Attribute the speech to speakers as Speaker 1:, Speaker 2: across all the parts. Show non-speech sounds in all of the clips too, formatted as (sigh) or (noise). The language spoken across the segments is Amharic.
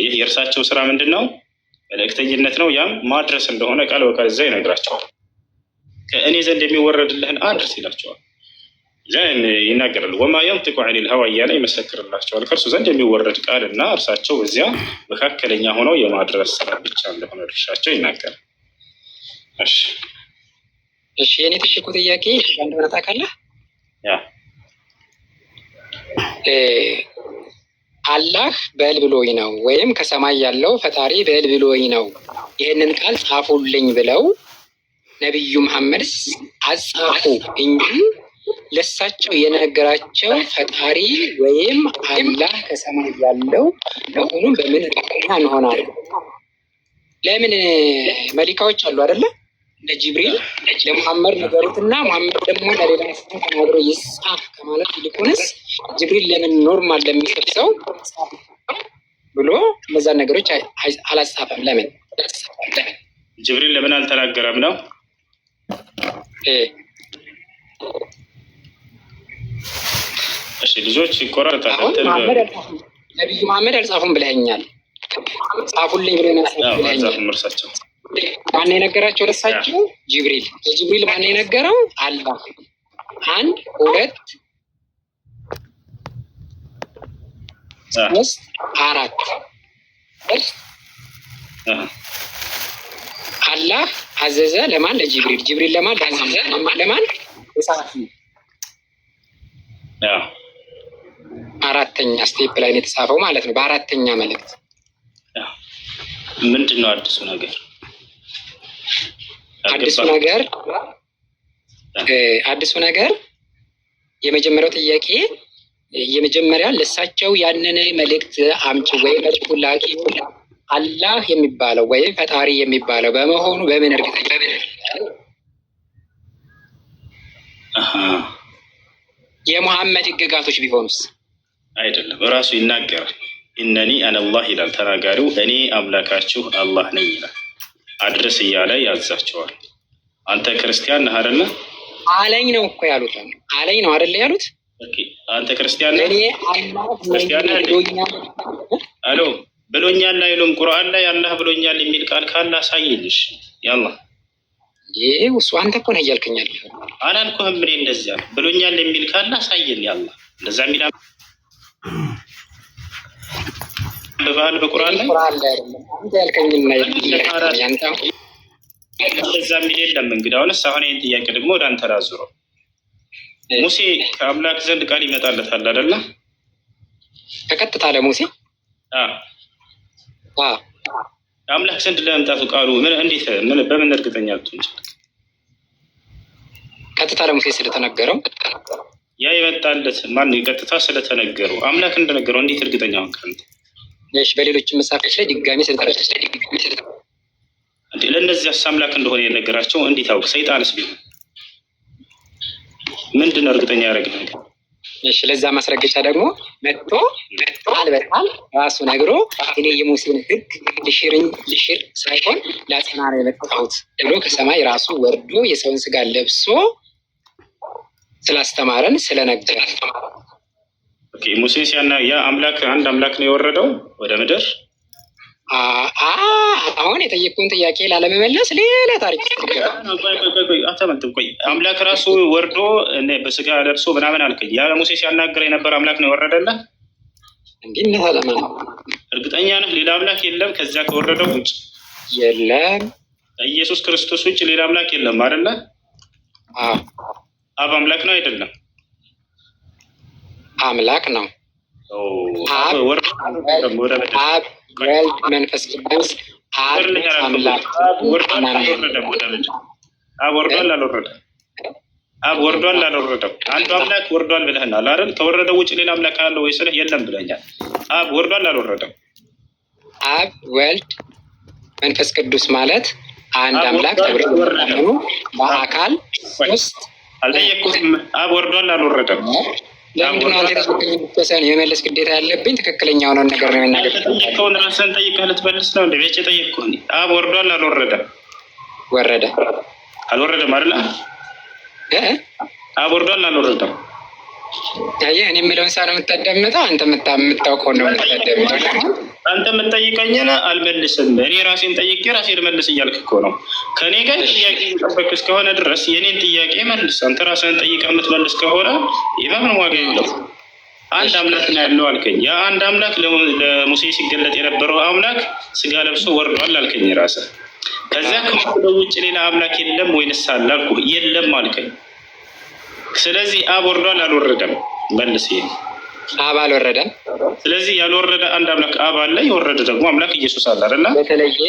Speaker 1: ይህ የእርሳቸው ስራ ምንድን ነው? መልእክተኝነት ነው። ያም ማድረስ እንደሆነ ቃል በቃል እዛ ይነግራቸዋል። ከእኔ ዘንድ የሚወረድልህን አድርስ ይላቸዋል። ዘን ይናገራል። ወማ የንጥቁ ዐኒል ሀዋ እያለ ይመሰክርላቸዋል። ከእርሱ ዘንድ የሚወረድ ቃል እና እርሳቸው እዚያ መካከለኛ ሆነው የማድረስ ስራ ብቻ እንደሆነ ድርሻቸው ይናገራል።
Speaker 2: እሺ እሺ፣ ጥያቄ እንደሆነ ታውቃለህ አላህ በል ብሎኝ ነው ወይም ከሰማይ ያለው ፈጣሪ በል ብሎኝ ነው ይህንን ቃል ጻፉልኝ ብለው ነቢዩ መሐመድ አጻፉ እንጂ ለሳቸው የነገራቸው ፈጣሪ ወይም አላህ ከሰማይ ያለው መሆኑን በምን እርግጠኛ እንሆናለን? ለምን መሊካዎች አሉ አይደለም? ለጅብሪል ለሙሐመድ እና ሙሐመድ ደግሞ ለሌላ ሰው ተናግሮ ይጻፍ ከማለት ይልቁንስ ጅብሪል ለምን ኖርማል ለሚጽፍ ሰው ብሎ እነዛን ነገሮች አላጻፈም? ለምን
Speaker 1: ጅብሪል ለምን አልተናገረም ነው? እሺ ልጆች ይቆራረጣል።
Speaker 2: ነቢዩ መሐመድ አልጻፉም ብለኛል። ጻፉልኝ ብለህ ብለኛል። ማነው የነገራቸው? ረሳችሁ? ጅብሪል። ጅብሪል ማነው የነገረው? አላ አንድ ሁለት ሶስት አራት አላህ አዘዘ። ለማን? ለጅብሪል። ጅብሪል ለማን? ለማን? አራተኛ ስቴፕ ላይ የተጻፈው ማለት ነው። በአራተኛ መልእክት
Speaker 1: ምንድን ነው አዲሱ ነገር?
Speaker 2: አዲሱ ነገር አዲሱ ነገር የመጀመሪያው ጥያቄ የመጀመሪያ ለእሳቸው ያንን መልእክት አምጪ ወይም መልእክቱን ላኪ አላህ የሚባለው ወይም ፈጣሪ የሚባለው በመሆኑ በምን እርግጠኛ የሙሐመድ ህግጋቶች ቢሆኑስ?
Speaker 1: አይደለም እራሱ ይናገራል። እነኒ አነላህ ይላል ተናጋሪው፣ እኔ አምላካችሁ አላህ ነኝ ይላል። አድርስ እያለ ያዛቸዋል። አንተ ክርስቲያን ነህ አይደለ?
Speaker 2: አለኝ ነው እኮ ያሉት። አለኝ ነው አይደለ ያሉት። አንተ ክርስቲያን ነህ
Speaker 1: አሎ ብሎኛል አይሉም። ቁርአን ላይ አላህ ብሎኛል የሚል ቃል ካለ አሳይልሽ። ያላ
Speaker 2: ይህ እሱ አንተ እኮ ነህ እያልከኛል።
Speaker 1: አላልኩህም እኔ እንደዚያ ብሎኛል የሚል ካለ አሳይል። ያላ እንደዛ የሚል በባህል በቁርአን ላይ
Speaker 2: እዛ የሚል
Speaker 1: የለም። እንግዲህ አሁንስ አሁን ይህን ጥያቄ ደግሞ ወደ አንተ ላዙረው። ሙሴ ከአምላክ ዘንድ ቃል ይመጣለታል አይደለ?
Speaker 2: በቀጥታ ለሙሴ
Speaker 1: አምላክ ዘንድ ለመምጣቱ ቃሉ እንዴት በምን እርግጠኛ ልትሆን ይችላል?
Speaker 2: ቀጥታ ለሙሴ ስለተነገረው
Speaker 1: ያ ይመጣለት ማን ቀጥታ ስለተነገረው አምላክ እንደነገረው እንዴት እርግጠኛ ሆንክ አንተ?
Speaker 2: በሌሎች መጽሐፎች ላይ ድጋሚ ስንጠረች
Speaker 1: ለእነዚያስ አምላክ እንደሆነ የነገራቸው እንዴት አውቅ? ሰይጣንስ ቢሆን ምንድን ነው እርግጠኛ ያደረገ ነገር?
Speaker 2: እሺ ለዛ ማስረገጫ ደግሞ መጥቶ ቃል በቃል ራሱ ነግሮ እኔ የሙሴን ሕግ ልሽርኝ ልሽር ሳይሆን ላጸና ነው የመጣሁት ብሎ ከሰማይ ራሱ ወርዶ የሰውን ስጋ ለብሶ ስላስተማረን ስለነገረ
Speaker 1: ሙሴ ሲያና ያ አምላክ አንድ አምላክ ነው የወረደው ወደ ምድር።
Speaker 2: አሁን የጠየቅኩን ጥያቄ ላለመመለስ ሌላ ታሪክ
Speaker 1: ቆይ አምላክ ራሱ ወርዶ በስጋ ለብሶ ምናምን አልከኝ። ያ ሙሴ ሲያናገር የነበረ አምላክ ነው የወረደልህ? ነው እርግጠኛ ነህ? ሌላ አምላክ የለም ከዚያ ከወረደው ውጭ የለም። ኢየሱስ ክርስቶስ ውጭ ሌላ አምላክ የለም አደለ? አብ አምላክ ነው አይደለም?
Speaker 2: አምላክ ነው። አብ ወልድ፣ መንፈስ ቅዱስ አብ አምላክ
Speaker 1: ወርዷል አልወረደም? አንዱ አምላክ ወርዷል ብለህናል አይደል? ከወረደው ውጭ ሌላ አምላክ አለ ወይ ስልህ የለም ብለኛል። አብ ወርዷል አልወረደም?
Speaker 2: አብ ወልድ መንፈስ ቅዱስ ማለት አንድ አምላክ ተብለው በአካል ውስጥ
Speaker 1: አልጠየቅኩትም። አብ ወርዷል አልወረደም?
Speaker 2: ለምንድነው የመለስ ግዴታ ያለብኝ? ትክክለኛ የሆነውን ነገር ነው የምናገር።
Speaker 1: ከሆነ ራስን ጠይቀህ ልትመልስ ነው እንደ ቤጭ ጠየቅኩህ። አብ ወርዷል አልወረደም? ወረደ። አልወረደም አይደለ? አብ ወርዷል አልወረደም?
Speaker 2: ያየ እኔ የሚለውን ሳ ነው የምታዳምጠው፣ አንተ የምታውቀው ነው የምታዳምጠው።
Speaker 1: አንተ የምጠይቀኝን አልመልስም፣ እኔ ራሴን ጠይቄ ራሴ ልመልስ እያልክ እኮ ነው። ከእኔ ጋር ጥያቄ እየጠበቅ እስከሆነ ድረስ የእኔን ጥያቄ መልስ። አንተ ራስን ጠይቀ የምትመልስ ከሆነ የማምን ዋጋ የለው። አንድ አምላክ ነው ያለው አልከኝ። ያ አንድ አምላክ ለሙሴ ሲገለጥ የነበረው አምላክ ስጋ ለብሶ ወርዷል አልከኝ ራስህ። ከዚያ ከሞት ውጭ ሌላ አምላክ የለም ወይንስ አለ አልኩህ። የለም አልከኝ ስለዚህ አብ ወርዷል አልወረደም? መልስ። ይሄ
Speaker 2: አብ አልወረደም።
Speaker 1: ስለዚህ ያልወረደ አንድ አምላክ አብ አለ፣ የወረደ ደግሞ አምላክ ኢየሱስ አለ አይደል?
Speaker 2: በተለየ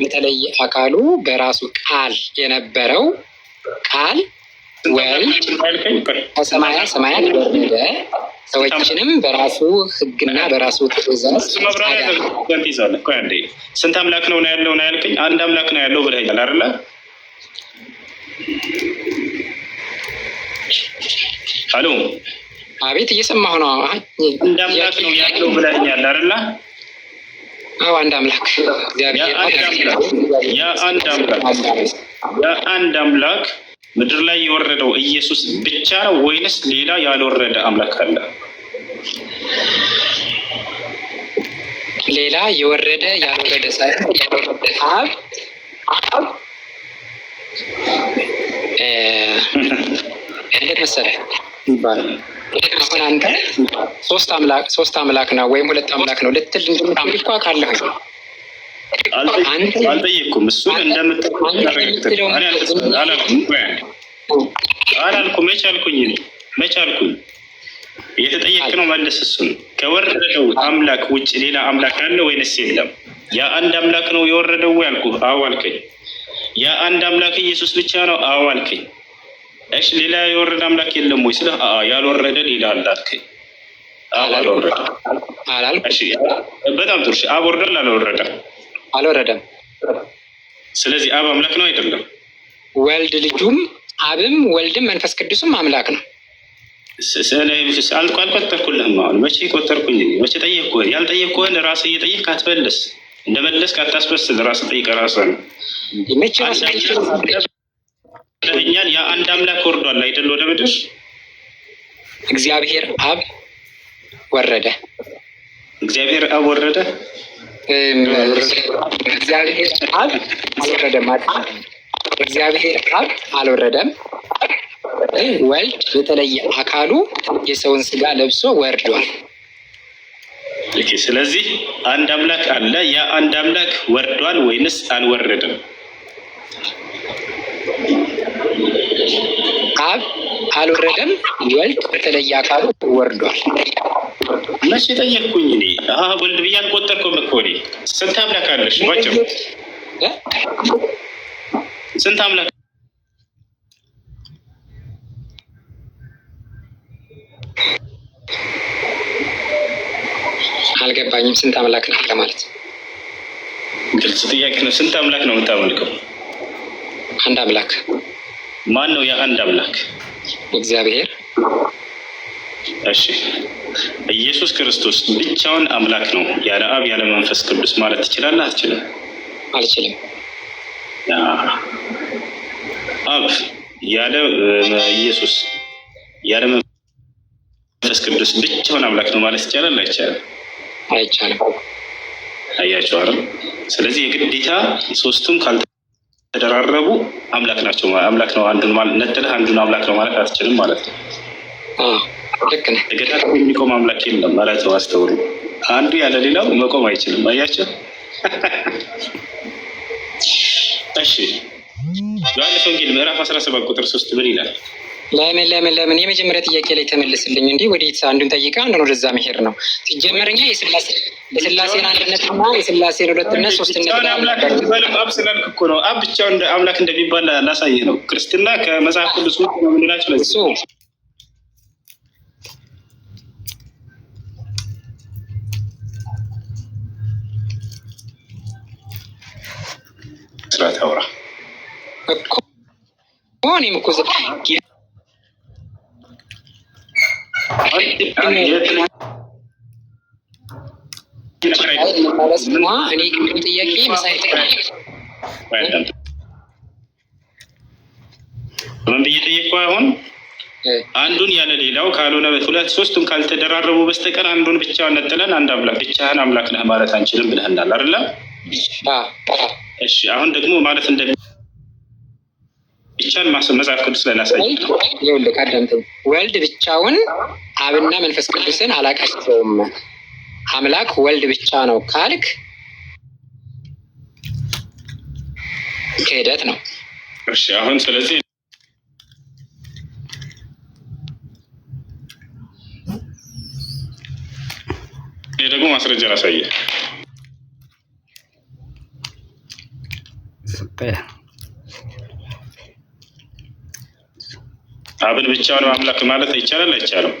Speaker 2: በተለየ አካሉ በራሱ ቃል የነበረው ቃል ወልድ ከሰማያ ሰማያት ወረደ፣ ሰዎችንም በራሱ ሕግና በራሱ ትእዛዝ
Speaker 1: ስንት አምላክ ነው ያለው ነው ያልከኝ? አንድ አምላክ ነው ያለው ብለኸኛል አይደል? አሎ፣
Speaker 2: አቤት፣ እየሰማሁ ነው።
Speaker 1: እንደ አምላክ ነው ያለው ብለኛል አይደለ? አዎ፣ አንድ አምላክ የአንድ አምላክ ምድር ላይ የወረደው ኢየሱስ ብቻ ነው ወይንስ ሌላ ያልወረደ አምላክ አለ?
Speaker 2: ሌላ የወረደ ያልወረደ ሳይሆን ያልወረደ አብ አብ እንዴት መሰለህ ይባላል አሁን አንተ ሶስት አምላክ ሶስት አምላክ ነው ወይም ሁለት አምላክ ነው ልትል እንኳ ካለህ
Speaker 1: አልጠየቅኩም። እሱ እንደምትአላልኩ መች አልኩኝ መች አልኩኝ። የተጠየቅነው መለስ እሱን ከወረደው አምላክ ውጭ ሌላ አምላክ አለ ወይንስ የለም? ያ አንድ አምላክ ነው የወረደው ወይ አልኩህ። አዎ አልከኝ። ያ አንድ አምላክ ኢየሱስ ብቻ ነው። አዎ አልከኝ። እሺ ሌላ የወረደ አምላክ የለም ወይ? ስለ ያልወረደ ሌላ አላልክ በጣም ጥሩ አብ ወርዷል። አልወረደም አልወረደም። ስለዚህ አብ አምላክ ነው አይደለም?
Speaker 2: ወልድ ልጁም አብም ወልድም መንፈስ ቅዱስም አምላክ ነው።
Speaker 1: አልቆጠርኩልህም። አሁን መቼ ቆጠርኩኝ? መቼ ጠየቅኩህ? ያልጠየቅኩህን ራስህ እየጠየቅህ አትመለስ። እንደመለስክ አታስመስል። ራስህ ጠይቀህ ራስህ ነው ይመስለኛል። ያ አንድ አምላክ ወርዷል አይደል? ወደ ምድር
Speaker 2: እግዚአብሔር አብ ወረደ።
Speaker 1: እግዚአብሔር አብ ወረደ።
Speaker 2: እግዚአብሔር አብ አልወረደም። እግዚአብሔር አብ አልወረደም። ወልድ በተለየ አካሉ የሰውን ስጋ ለብሶ ወርዷል።
Speaker 1: ስለዚህ አንድ አምላክ አለ። ያ አንድ አምላክ ወርዷል ወይንስ አልወረደም?
Speaker 2: አብ አልወረደም፣ ወልድ በተለየ አካሉ ወርዷል።
Speaker 1: መቼ ጠየቅኩኝ እኔ ወልድ ብዬ አልቆጠርኩም እኮ እኔ። ስንት አምላክ አለሽ? ባጭሩ ስንት አምላክ
Speaker 2: አልገባኝም። ስንት አምላክ ነው ለማለት
Speaker 1: ግልጽ ጥያቄ ነው። ስንት አምላክ ነው የምታመልከው? አንድ አምላክ ማን ነው የአንድ አምላክ እግዚአብሔር? እሺ ኢየሱስ ክርስቶስ ብቻውን አምላክ ነው ያለ አብ ያለ መንፈስ ቅዱስ ማለት ትችላለህ? አትችልም? አልችልም። አብ ያለ ኢየሱስ ያለ መንፈስ ቅዱስ ብቻውን አምላክ ነው ማለት ይቻላል? አይቻልም? አይቻልም። አያቸው ስለዚህ የግዴታ ሶስቱም ካልተ ተደራረቡ አምላክ ናቸው። አምላክ ነው አንዱን ነጥለህ አንዱን አምላክ ነው ማለት አትችልም ማለት ነው። ገዳ የሚቆም አምላክ የለም ማለት ነው። አስተውሉ። አንዱ ያለ ሌላው መቆም አይችልም። አያቸው። (laughs) እሺ ዮሐንስ ወንጌል ምዕራፍ ሰባት ቁጥር ሶስት ምን ይላል?
Speaker 2: ለምን ለምን ለምን የመጀመሪያ ጥያቄ ላይ ተመልስልኝ። እንዲህ ወዴት አንዱን ጠይቀህ አንዱን ወደዛ መሄድ ነው ሲጀመርኛ የስላሴ የስላሴን አንድነትና የስላሴን ሁለትነት ሶስትነት
Speaker 1: ነው። አብ ብቻው አምላክ እንደሚባል ላሳይህ ነው። ክርስትና ከመጽሐፍ ቅዱስ ውጭ ነው የምንላቸው ለዚህ ስራት አውራ እኮ እኔም እኮ አሁን አንዱን ያለ ሌላው ካልሆነ ሁለት ሶስቱን ካልተደራረቡ በስተቀር አንዱን ብቻ ነጥለን አንድ አምላክ ብቻህን አምላክ ነህ ማለት አንችልም ብለህናል አይደለ? እሺ አሁን ደግሞ ማለት እንደ ብቻን መጽሐፍ ቅዱስ ላይ ላሳይ
Speaker 2: ወልድ ብቻውን አብና መንፈስ ቅዱስን አላቃቸውም አምላክ ወልድ ብቻ ነው ካልክ ክህደት ነው።
Speaker 1: እሺ አሁን ስለዚህ ይህ ደግሞ ማስረጃ ላሳየ አብን ብቻውን አምላክ ማለት ይቻላል አይቻልም?